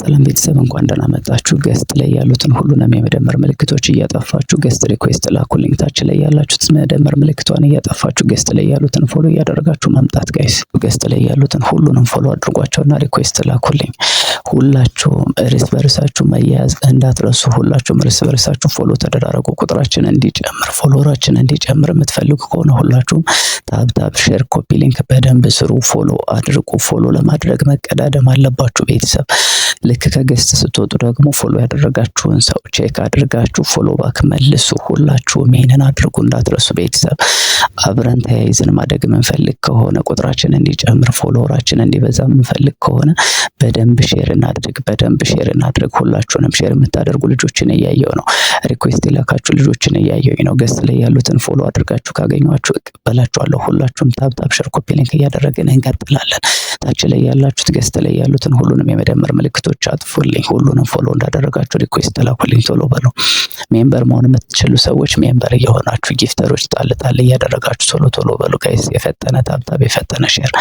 ሰላም ቤተሰብ እንኳን ደህና መጣችሁ። ገስት ላይ ያሉትን ሁሉንም የመደመር ምልክቶች እያጠፋችሁ ገስት ሪኩዌስት ላኩ። ላይ ያላችሁት መደመር ምልክቷን እያጠፋችሁ ገስት ላይ ያሉትን ፎሎ እያደረጋችሁ መምጣት ጋይስ። ገስት ላይ ያሉትን ሁሉንም ፎሎ አድርጓቸውና ሪኩዌስት ላኩልኝ። ሁላችሁም እርስ በርሳችሁ መያያዝ እንዳትረሱ። ሁላችሁም እርስ በርሳችሁ ፎሎ ተደራረጉ። ቁጥራችን እንዲጨምር ፎሎራችን እንዲጨምር የምትፈልጉ ከሆነ ሁላችሁም ታብታብ፣ ሼር፣ ኮፒ ሊንክ በደንብ ስሩ። ፎሎ አድርጉ። ፎሎ ለማድረግ መቀዳደም አለባችሁ ቤተሰብ ልክ ከገስት ስትወጡ ደግሞ ፎሎ ያደረጋችሁን ሰው ቼክ አድርጋችሁ ፎሎ ባክ መልሱ። ሁላችሁም ይህንን አድርጉ እንዳትረሱ። ቤተሰብ አብረን ተያይዘን ማደግ የምንፈልግ ከሆነ ቁጥራችን እንዲጨምር ፎሎወራችን እንዲበዛ የምንፈልግ ከሆነ በደንብ ሼር እናድርግ፣ በደንብ ሼር እናድርግ። ሁላችሁንም ሼር የምታደርጉ ልጆችን እያየው ነው። ሪኩዌስት የላካችሁ ልጆችን እያየው ነው። ገስት ላይ ያሉትን ፎሎ አድርጋችሁ ካገኟችሁ እቀበላችኋለሁ። ሁላችሁም ታብታብ ሼር ኮፒ ሊንክ እያደረግን እንቀጥላለን። ታች ላይ ያላችሁት ገስት ላይ ያሉትን ሁሉንም የመደመር ምልክቶች አጥፉልኝ። ሁሉንም ፎሎ እንዳደረጋችሁ ሪኩዌስት ተላኩልኝ። ቶሎ በሉ። ሜምበር መሆን የምትችሉ ሰዎች ሜምበር እየሆናችሁ ጊፍተሮች ጣል ጣል እያደረጋችሁ ቶሎ ቶሎ በሉ ጋይስ። የፈጠነ ታብታብ የፈጠነ ሼር